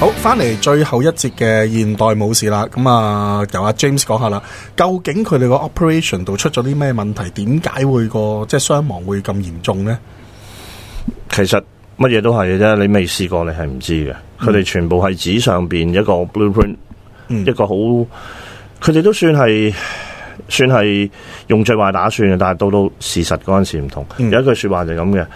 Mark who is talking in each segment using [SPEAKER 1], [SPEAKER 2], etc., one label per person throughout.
[SPEAKER 1] 好，翻嚟最後一節嘅現代武士啦，咁啊，由阿 James 講下啦。究竟佢哋個 operation 度出咗啲咩問題？點解會個即係傷亡會咁嚴重呢？
[SPEAKER 2] 其實乜嘢都係嘅啫，你未試過你，你係唔知嘅。佢哋全部係紙上邊一個 blueprint，、嗯、一個好，佢哋都算係算係用最壞打算嘅，但係到到事實嗰陣時唔同。嗯、有一句說話就咁嘅，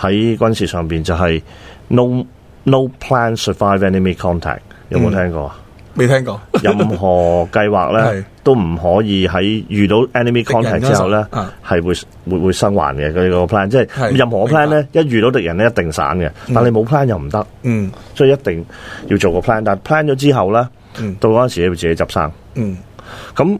[SPEAKER 2] 喺軍事上邊就係、是、no。No plan survive enemy contact，有冇聽過啊？
[SPEAKER 1] 未聽過。
[SPEAKER 2] 嗯、聽過任何計劃咧， 的都唔可以喺遇到 enemy contact 之後咧，係會會會生還嘅。佢、個 plan 的即係任何 plan 咧白，一遇到敵人咧一定散嘅。但係你冇 plan 又唔得。嗯，所以一定要做個 plan。但 plan 咗之後咧，嗯、到嗰陣時你要自己執生。嗯。咁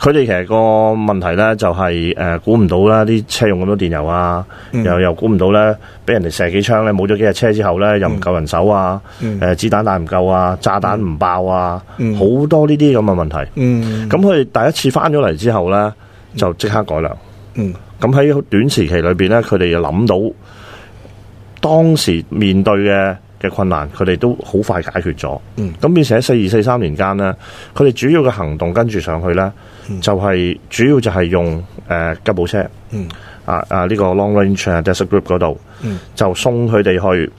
[SPEAKER 2] 佢哋其實個問題咧就係、是、誒、估、呃、唔到啦，啲車用咁多電油啊，嗯、又又估唔到咧，俾人哋射幾槍咧，冇咗幾架車之後咧，又唔夠人手啊，誒、嗯呃，子彈彈唔夠啊，炸彈唔爆啊，好、嗯、多呢啲咁嘅問題。咁佢哋第一次翻咗嚟之後咧，就即刻改良。咁喺、嗯嗯、短時期裏邊咧，佢哋又諗到當時面對嘅。嘅困難，佢哋都好快解決咗。咁、嗯、變成喺四二四三年間咧，佢哋主要嘅行動跟住上去咧，嗯、就係主要就係用誒吉普車，
[SPEAKER 3] 嗯、
[SPEAKER 2] 啊啊呢、呢個 long range、啊、Desert Group 嗰度，就送佢哋去誒、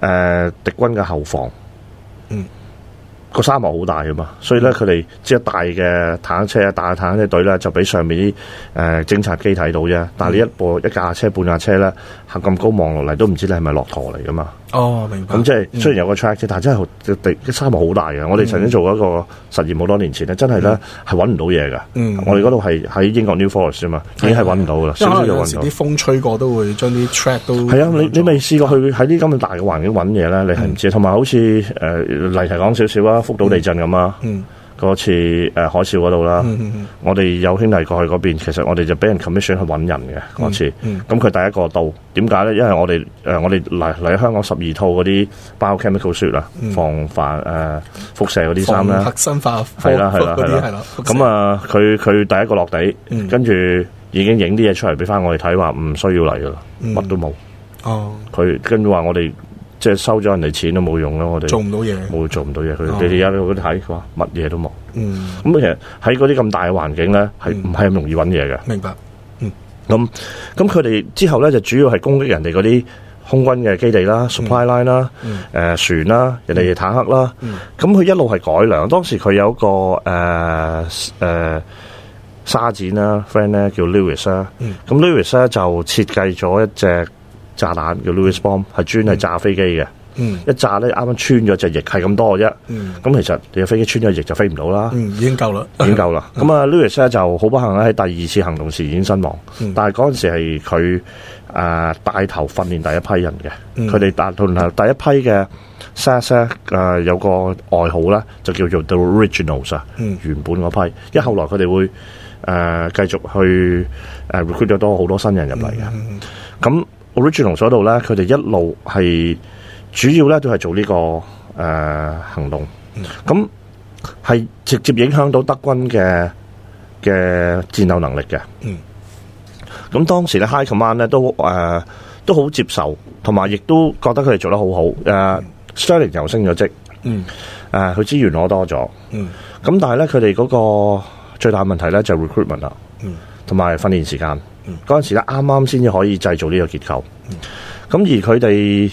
[SPEAKER 2] 呃、敵軍嘅後防。嗯、個沙漠好大噶嘛，所以咧佢哋即係大嘅坦克車、大嘅坦克車隊咧，就俾上面啲誒、呃、偵察機睇到啫。但係呢一部、嗯、一架車、半架車咧，行咁高望落嚟都唔知你係咪駱駝嚟噶嘛？
[SPEAKER 3] 哦，明白。咁即係雖然
[SPEAKER 2] 有個 track、嗯、但係真係地啲沙漠好大嘅。我哋曾經做過一個實驗，好多年前咧，真係咧係揾唔到嘢㗎。嗯，嗯我哋嗰度係喺英國 New Forest 嘛，嗯、已經係揾唔到噶啦，嗯、少少就揾唔到。因為有啲風吹過都會將啲 track 都係啊！你你未試過去喺啲咁大嘅環境揾嘢咧？你係唔知。同埋、嗯、好似誒例如講少少啊，福島地震咁啊、嗯。嗯。嗰次誒海嘯嗰度啦，我哋有兄弟過去嗰邊，其實我哋就俾人 commission 去揾人嘅嗰次。咁佢第一個到，點解咧？因為我哋誒我哋嚟嚟香港十二套嗰啲 biochemical suit 啦，防化誒輻射嗰啲衫咧，核
[SPEAKER 1] 生化係啦係啦係啦，咁
[SPEAKER 2] 啊佢佢第一個落地，跟住已經影啲嘢出嚟俾翻我哋睇，話唔需要嚟噶啦，乜都冇。哦，佢跟住話我哋。即係收咗人哋錢都冇用咯，我哋做唔到嘢，冇做唔到嘢。佢你哋而家去嗰啲睇佢話，乜嘢都冇。嗯，咁其實喺嗰啲咁大嘅環境咧，係唔係咁容易揾嘢嘅。明白，嗯。咁咁佢哋之後咧就主要係攻擊人哋嗰啲空軍嘅基地啦、supply line 啦、誒船啦、人哋嘅坦克啦。咁佢一路係改良。當時佢有一個誒誒沙展啦，friend 咧叫 Lewis 啦。咁 Lewis 咧就設計咗一隻炸彈叫 Lewis Bomb，係專係炸飛機嘅。嗯嗯、一炸咧，啱啱穿咗隻翼，係咁多嘅啫。咁、嗯、其實你嘅飛機穿咗翼就飛唔到啦。已經夠啦，已經夠啦。咁啊，Lewis 咧就好不幸咧，喺第二次行動時已經身亡。嗯、但係嗰陣時係佢啊帶頭訓練第一批人嘅。佢哋帶到第一批嘅 SAS 啊、呃，有個外號啦，就叫做 The Originals 啊、嗯，原本嗰批。因為後來佢哋會誒、呃、繼續去誒 recruit 咗多好多新人入嚟嘅。咁、嗯嗯我哋朱龍所度咧，佢哋一路係主要咧都係做呢、這個誒、呃、行動，咁係、嗯、直接影響到德軍嘅嘅戰鬥能力嘅。嗯。咁當時咧，High Command 咧都誒、呃、都好接受，同埋亦都覺得佢哋做得好好。誒、嗯 uh，Stirling 又升咗職。嗯。誒、啊，佢資源攞多咗。嗯。咁但係咧，佢哋嗰個最大問題咧就係 recruitment 啦。嗯。同埋訓練時間。嗰陣時咧，啱啱先至可以製造呢個結構。咁而佢哋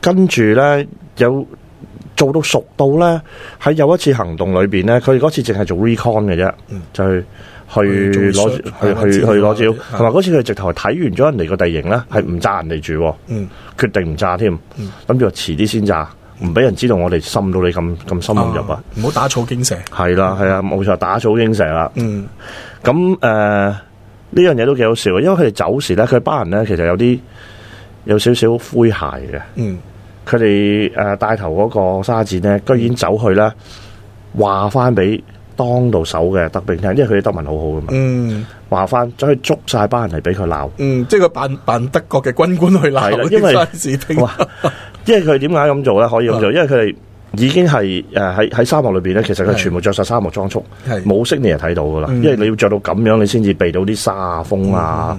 [SPEAKER 2] 跟住咧，有做到熟到咧，喺有一次行動裏邊咧，佢哋嗰次淨係做 recon 嘅啫，就去去攞去去去攞照，同埋嗰次佢直頭係睇完咗人哋個地形咧，係唔炸人哋住，決定唔炸添，諗住話遲啲先炸，唔俾人知道我哋滲到你咁咁深入入啊，唔好打草驚蛇。係啦，係啊，冇錯，打草驚蛇啦。嗯，咁誒。呢樣嘢都幾好笑嘅，因為佢哋走時咧，佢班人咧，其實有啲有少少詼諧嘅。嗯，佢哋誒帶頭嗰個沙展咧，居然走去咧話翻俾當到手嘅德兵聽，因為佢哋德文好好嘅嘛。嗯，話翻走去捉晒班人嚟俾佢鬧。嗯，
[SPEAKER 1] 即係佢扮扮德國嘅軍
[SPEAKER 2] 官去鬧啲沙士兵。因為佢點解咁做咧？可以咁做，因為佢哋。已經係誒喺喺沙漠裏邊咧，其實佢全部着晒沙漠裝束，冇識你就睇到噶啦，因為你要着到咁樣，你先至避到啲沙啊風啊，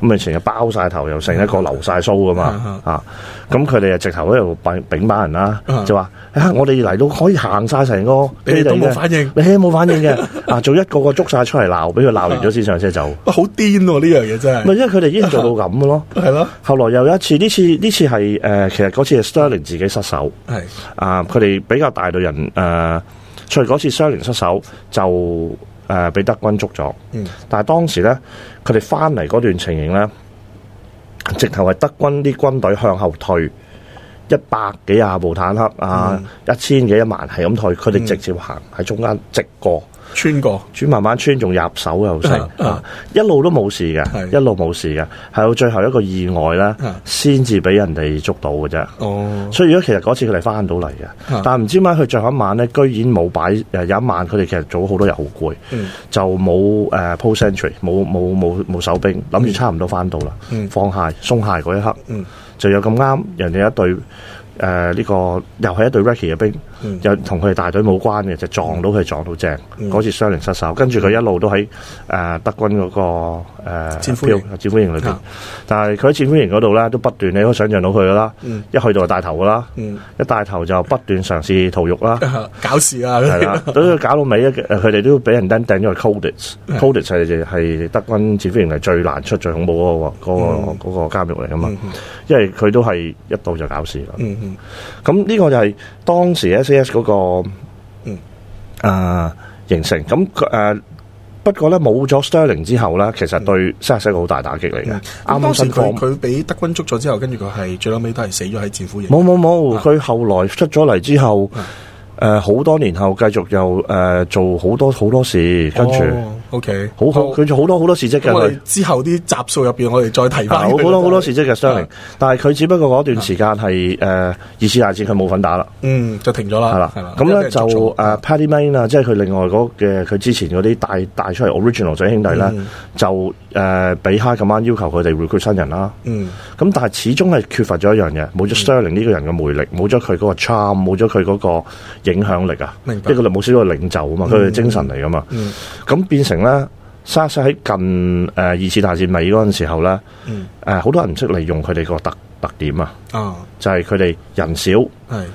[SPEAKER 2] 咁你成日包晒頭又成一個流晒鬚噶嘛，咁佢哋啊直頭喺度揈揈班人啦，就話我哋嚟到可以行晒成個，你都冇反應，你係冇反應嘅啊，做一個個捉晒出嚟鬧，俾佢鬧完咗先上車走，
[SPEAKER 1] 好癲喎，呢樣嘢真
[SPEAKER 2] 係，因為佢哋已經做到咁咯，係咯，後來又有一次呢次，呢次係誒其實嗰次係 Stirling 自己失手，係啊佢哋。比較大隊人誒、呃，除嗰次相連失守，就誒俾、呃、德軍捉咗。嗯、但係當時咧，佢哋翻嚟嗰段情形咧，直頭係德軍啲軍隊向後退。一百幾廿部坦克啊，一千幾一萬，係咁退，佢哋直接行喺中間直過、穿過、轉，慢慢穿，仲入手又上，一路都冇事嘅，一路冇事嘅，係到最後一個意外咧，先至俾人哋捉到嘅啫。哦，所以如果其實嗰次佢哋翻到嚟嘅，但唔知點解佢最後一晚咧，居然冇擺，有一晚佢哋其實做咗好多日，好攰，就冇誒 post sentry，冇冇冇冇守兵，諗住差唔多翻到啦，放下鬆下嗰一刻。就有咁啱，人哋一隊誒呢、呃這個又係一隊 Ricky 嘅兵。又同佢哋大隊冇關嘅，就撞到佢撞到正，嗰次雙人失守。跟住佢一路都喺德軍嗰個戰俘營、戰俘營裏邊。但係佢喺戰俘營嗰度咧，都不斷你可以想象到佢㗎啦。一去到就帶頭噶啦，一帶頭就不斷嘗試逃獄啦，搞事啊！係啦，到咗搞到尾佢哋都俾人掟咗去 Colditz，Colditz 係德軍戰俘營係最難出、最恐怖嗰個嗰個嗰個監獄嚟㗎嘛。因為佢都係一度就搞事啦。咁呢個就係當時一嗰、那個、呃、嗯啊，形成咁誒、呃，不過咧冇咗 Stirling 之後咧，其實對 SAS 好大打擊嚟嘅。嗯、剛剛當時佢佢
[SPEAKER 1] 俾德軍捉咗之後，跟住佢係最屘尾都係死咗喺戰俘營。冇
[SPEAKER 2] 冇冇，佢後來出咗嚟之後，誒好、啊、呃、多年後繼續又誒、呃、做好多好多事，跟住、哦。O.K.，好好，佢仲好多好多事蹟嘅。我哋
[SPEAKER 1] 之後啲集數入邊，我哋再提翻。好多
[SPEAKER 2] 好多事蹟嘅 Stirling 但係佢只不過嗰段時間係誒二次、大戰佢冇份打啦。嗯，
[SPEAKER 1] 就停咗啦。係啦，
[SPEAKER 2] 係啦。咁咧就誒 Paddy Mayne 啊，即係佢另外嗰嘅佢之前嗰啲帶帶出嚟 Original 仔兄弟咧，就誒俾 high command 要求佢哋 recruit 新人啦。咁但係始終係缺乏咗一樣嘢，冇咗 Stirling 呢個人嘅魅力，冇咗佢嗰個 charm，冇咗佢嗰個影響力啊。明白。即係佢冇少咗領袖啊嘛，佢嘅精神嚟噶嘛。咁變成。啦，SAS 喺近誒二次大戰尾嗰陣時候咧，誒好、嗯、多人唔識利用佢哋個特特點啊，就係佢哋人少，是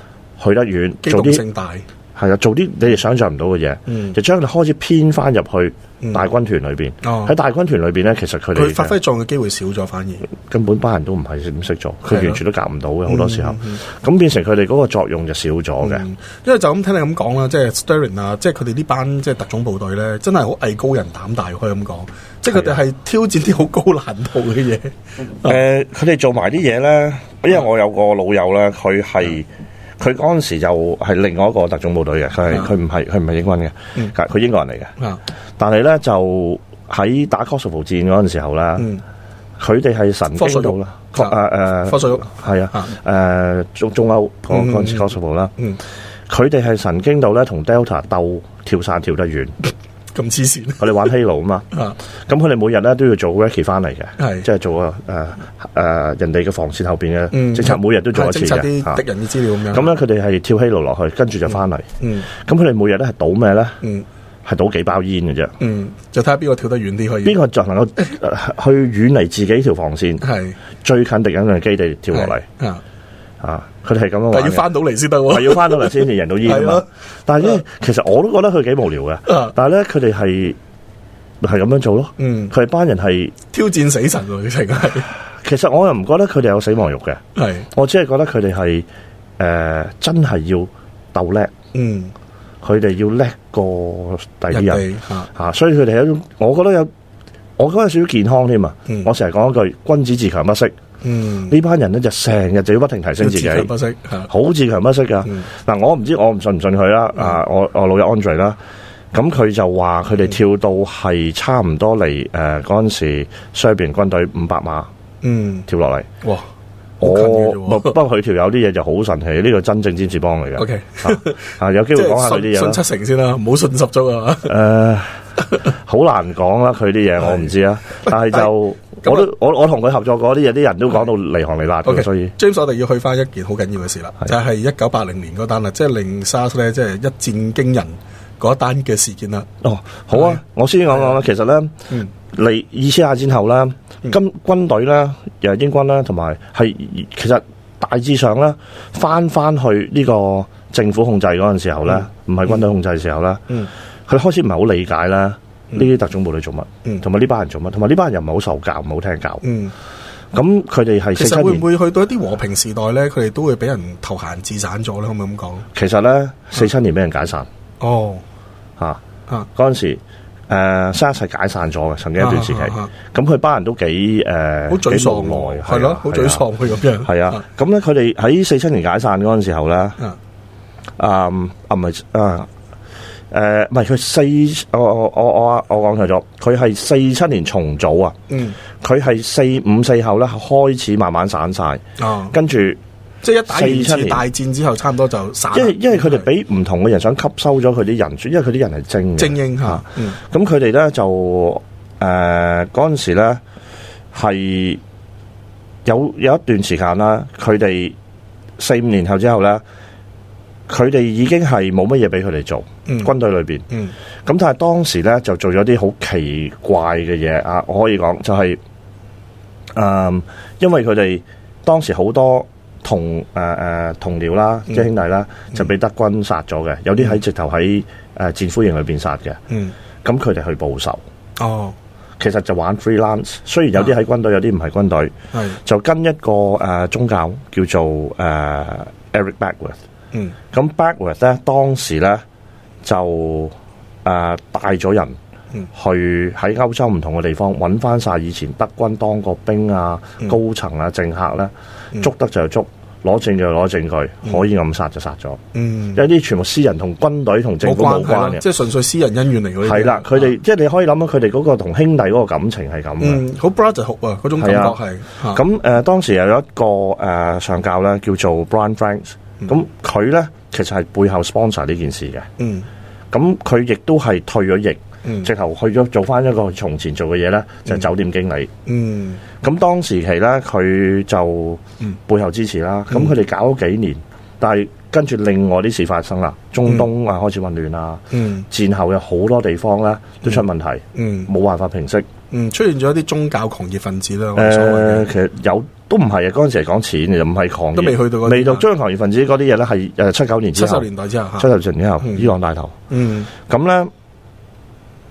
[SPEAKER 2] 去得遠，做啲，機動性大，係啊，做啲你哋想象唔到嘅嘢，嗯、就將佢哋開始編返入去。大軍團裏邊，喺大軍團裏邊咧，其實佢哋佢發揮
[SPEAKER 1] 作用嘅機會少咗，反而
[SPEAKER 2] 根本班人都唔係點識做，佢完全都夾唔到嘅，好多時候，咁變成佢哋嗰個作用就少咗嘅。
[SPEAKER 1] 因為就咁聽你咁講啦，即係 Stirling 啊，即係佢哋呢班即係特種部隊咧，真係好藝高人膽大，可以咁講，即係佢哋係挑戰啲好高難度嘅嘢。
[SPEAKER 2] 誒，佢哋做埋啲嘢咧，因為我有個老友咧，佢係。佢嗰陣時就係另外一個特種部隊嘅，佢係佢唔係佢唔係英軍嘅，佢英國人嚟嘅。但係咧就喺打科索沃戰嗰陣時候啦，佢哋係神經度啦，啊誒，科索沃係啊誒中中歐嗰個戰科索沃啦，佢哋係神經度咧，同 Delta 鬥跳傘跳得遠。咁黐線，我哋玩 HALO 啊嘛，咁佢哋每日咧都要做 recce 翻嚟嘅，係即係做啊誒誒人哋嘅防線後邊嘅偵察，每日都做一次嘅。偵察啲敵人
[SPEAKER 1] 嘅資料咁樣。咁咧，
[SPEAKER 2] 佢哋係跳 HALO 落去，跟住就翻嚟。咁佢哋每日咧係賭咩咧？係賭幾包煙嘅啫。嗯，
[SPEAKER 1] 就
[SPEAKER 2] 睇下邊個跳得遠啲可以。邊個就能夠去遠離自己條防線，係最近敵人嘅基地跳落嚟啊！佢哋係咁樣，係要翻到嚟
[SPEAKER 1] 先得，係要翻到嚟先，至人到依啊。
[SPEAKER 2] 但係咧，其實我都覺得佢幾無聊嘅。但係咧，佢哋係係咁樣做咯。佢係班人係挑戰死神嘅，其實我又唔覺得佢哋有死亡欲嘅。係，我只係覺得佢哋係誒，真係要鬥叻。嗯，佢哋要叻過第二人吓，所以佢哋係一種，我覺得有，我覺得少少健康添嘛。我成日講一句，君子自強不息。嗯，呢班人咧就成日就要不停提升自己，好自強不息噶。嗱，我唔知我唔信唔信佢啦，啊，我我老友 Andre 啦，咁佢就話佢哋跳到係差唔多嚟誒嗰陣時雙邊軍隊五百馬，嗯，跳落嚟，哇，我不過佢條友啲嘢就好神奇，呢個真正尖士邦嚟嘅。OK，啊，有機會講下佢啲嘢信七成先啦，唔好信十足啊。誒，好難講啦，佢啲嘢我唔知啊，但係就。我都我我同佢合作嗰啲有啲人都講到離行離落嘅，所以
[SPEAKER 1] James 我哋要去翻一件好緊要嘅事啦，就係一九八零年嗰單啦，即係令 SAS 咧即係一戰驚人嗰單嘅事件啦。哦，
[SPEAKER 2] 好啊，我先講講啦，其實咧，嚟，二次大戰後啦，今軍隊咧又英軍啦同埋係其實大致上咧翻翻去呢個政府控制嗰陣時候咧，唔係軍隊控制嘅時候咧，
[SPEAKER 3] 嗯，
[SPEAKER 2] 佢開始唔係好理解啦。呢啲特種部隊做乜？同埋呢班人做乜？同埋呢班人又唔係好受教，唔好聽教。咁佢哋係其實會唔會
[SPEAKER 1] 去到一啲和平時代咧？佢哋都會俾人投閒自散咗咧？可唔可以咁講？
[SPEAKER 2] 其實咧，四七年俾人解散。哦，嚇！嗰陣時，誒，生一齊解散咗嘅，曾經一段時期。咁佢班人都幾誒，好沮喪，係咯，好沮喪，佢咁樣。係啊，咁咧，佢哋喺四七年解散嗰陣時候咧，啊，啊唔係啊。誒，唔係佢四，我我我我我講錯咗，佢係四七年重組啊，嗯，佢係四五四後咧開始慢慢散晒，啊、跟住着
[SPEAKER 3] 即係一打完年次大
[SPEAKER 2] 戰之後，差唔多就散因，因為因為佢哋俾唔同嘅人想吸收咗佢啲人選，的因為佢啲人係精精英吓，咁佢哋咧就誒嗰陣時咧係有有一段時間啦，佢哋四五年後之後咧。佢哋已經係冇乜嘢俾佢哋做，軍隊裏邊。咁但係當時咧就做咗啲好奇怪嘅嘢啊！我可以講就係，嗯，因為佢哋當時好多同誒誒同僚啦，即係兄弟啦，就俾德軍殺咗嘅，有啲喺直頭喺誒戰俘營裏邊殺嘅。嗯，咁佢哋去報仇。哦，其實就玩 freelance，雖然有啲喺軍隊，有啲唔係軍隊，係就跟一個誒宗教叫做誒 Eric Backworth。嗯，咁 Backward 咧，當時咧就誒帶咗人去喺歐洲唔同嘅地方揾翻晒以前德軍當過兵啊、高層啊、政客咧，捉得就捉，攞證就攞證據，可以暗殺就殺咗。嗯，有啲全部私人同軍隊同政府冇關嘅，即係
[SPEAKER 1] 純粹私人恩怨嚟。係啦，佢哋
[SPEAKER 2] 即係你可以諗啊，佢哋嗰個同兄弟嗰個感情係咁嘅。好 brotherhood 啊，嗰種感覺係。咁誒，當時有一個誒上教咧，叫做 Brian Franks。咁佢咧其實係背後 sponsor 呢件事嘅，咁佢、嗯、亦都係退咗役，嗯、直頭去咗做返一個從前做嘅嘢咧，就係、是、酒店經理。咁、嗯嗯、當時期咧，佢就背後支持啦。咁佢哋搞咗幾年，但係。跟住另外啲事發生啦，中東啊開始混亂啦，戰後有好多地方咧都出問題，冇辦法平息，
[SPEAKER 1] 出現咗一啲宗教狂熱分子啦，誒，
[SPEAKER 2] 其實有都唔係啊，嗰陣時係講錢就唔係狂熱都未去到，未到將狂熱分子嗰啲嘢咧係誒七九年之後，七十年
[SPEAKER 1] 代之後，七
[SPEAKER 2] 十年之後伊朗大頭。嗯，咁咧，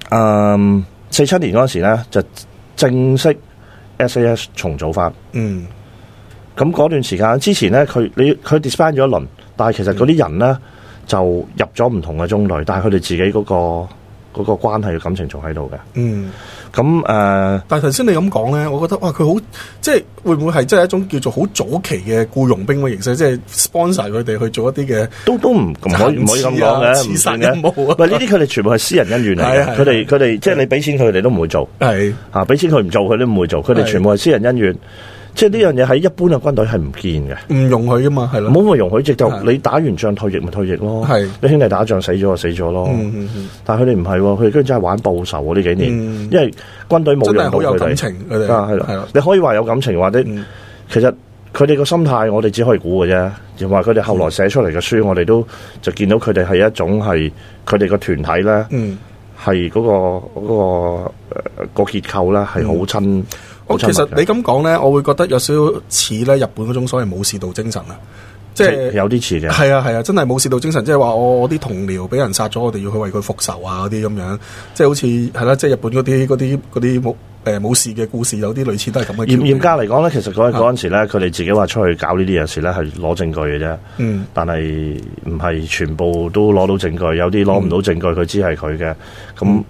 [SPEAKER 2] 誒四七年嗰陣時咧就正式 SAS 重組翻。嗯，咁嗰段時間之前咧，佢你佢 disband 咗一輪。但係其實嗰啲人咧就入咗唔同嘅中隊，但係佢哋自己嗰個嗰個關係嘅感情仲喺度嘅。嗯。咁誒，但係頭先你咁講咧，我覺得哇，佢好即係會唔會係即係一種叫
[SPEAKER 1] 做好早期嘅僱傭兵嘅形式，即係 sponsor 佢哋去做一啲嘅，
[SPEAKER 2] 都都唔可唔可以咁講嘅，唔使嘅。唔係呢啲，佢哋全部係私人恩怨嚟。佢哋佢哋即係你俾錢佢哋都唔會做。係啊，俾錢佢唔做佢都唔會做。佢哋全部係私人恩怨。即係呢樣嘢喺一般嘅軍隊係唔見嘅，唔
[SPEAKER 1] 容許㗎嘛，係咯，唔好話容許，即係就你
[SPEAKER 2] 打完仗退役咪退役咯，係，你兄弟打仗死咗就死咗咯、嗯嗯嗯嗯、咯，但係佢哋唔係，佢哋居然真係玩報仇啊！呢幾年，因為軍隊冇容許佢哋，係，係你可以話有感情，話啲其實佢哋個心態我哋只可以估嘅啫，又或佢哋後來寫出嚟嘅書，我哋都就見到佢哋係一種係佢哋個團體咧，係、嗰、嗰個嗰個、嗰個結構咧係好親。其實你咁
[SPEAKER 1] 講咧，我會覺得有少少似咧日本嗰種所謂武士道精神啊，
[SPEAKER 2] 即係有啲似嘅。係
[SPEAKER 1] 啊係啊，真係武士道精神，即係話我我啲同僚俾人殺咗，我哋要去為佢復仇啊嗰啲咁樣，即係好似係啦，即係日本嗰啲嗰啲嗰啲武誒武士嘅故事，有啲類似都係咁嘅。嚴嚴格
[SPEAKER 2] 嚟講咧，其實嗰嗰陣時咧，佢哋的自己話出去搞呢啲事呢啲嘢時咧，係攞證據嘅啫。嗯，但係唔係全部都攞到證據，有啲攞唔到證據，佢、嗯、知係佢嘅咁。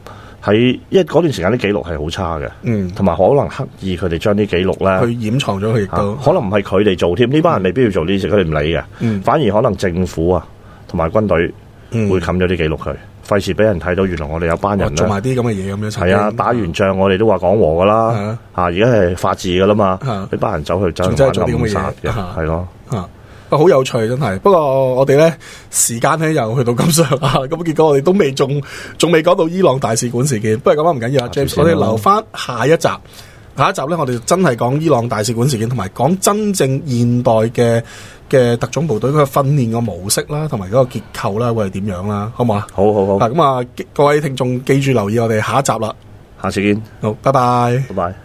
[SPEAKER 2] 因為嗰段時間啲記錄係好差嘅，嗯，同埋可能刻意佢哋將啲記錄咧，佢掩藏咗佢亦都，可能唔係佢哋做添，呢班人未必要做呢啲，佢哋唔理嘅，反而可能政府啊，同埋軍隊會冚咗啲記錄佢，費事俾人睇到，原來我哋有班人做埋啲咁嘅嘢咁樣，係啊，打完仗我哋都話講和噶啦，吓而家係法治噶啦嘛，呢班人走去走去玩咁殺嘅，係咯。
[SPEAKER 1] 好有趣真係，不過我哋呢時間呢又去到咁上下，咁結果我哋都未仲仲未講到伊朗大使館事件，不過咁啊唔緊要啊 James, 我哋留翻下一集，下一集呢，我哋真係講伊朗大使館事件，同埋講真正現代嘅嘅特種部隊嗰個訓練個模式啦，同埋嗰個結構啦，會係點樣啦，好唔
[SPEAKER 2] 好啊？好好好，咁
[SPEAKER 1] 啊各位聽眾記住留意我哋下一集啦，下次
[SPEAKER 2] 見，好，拜拜，拜拜。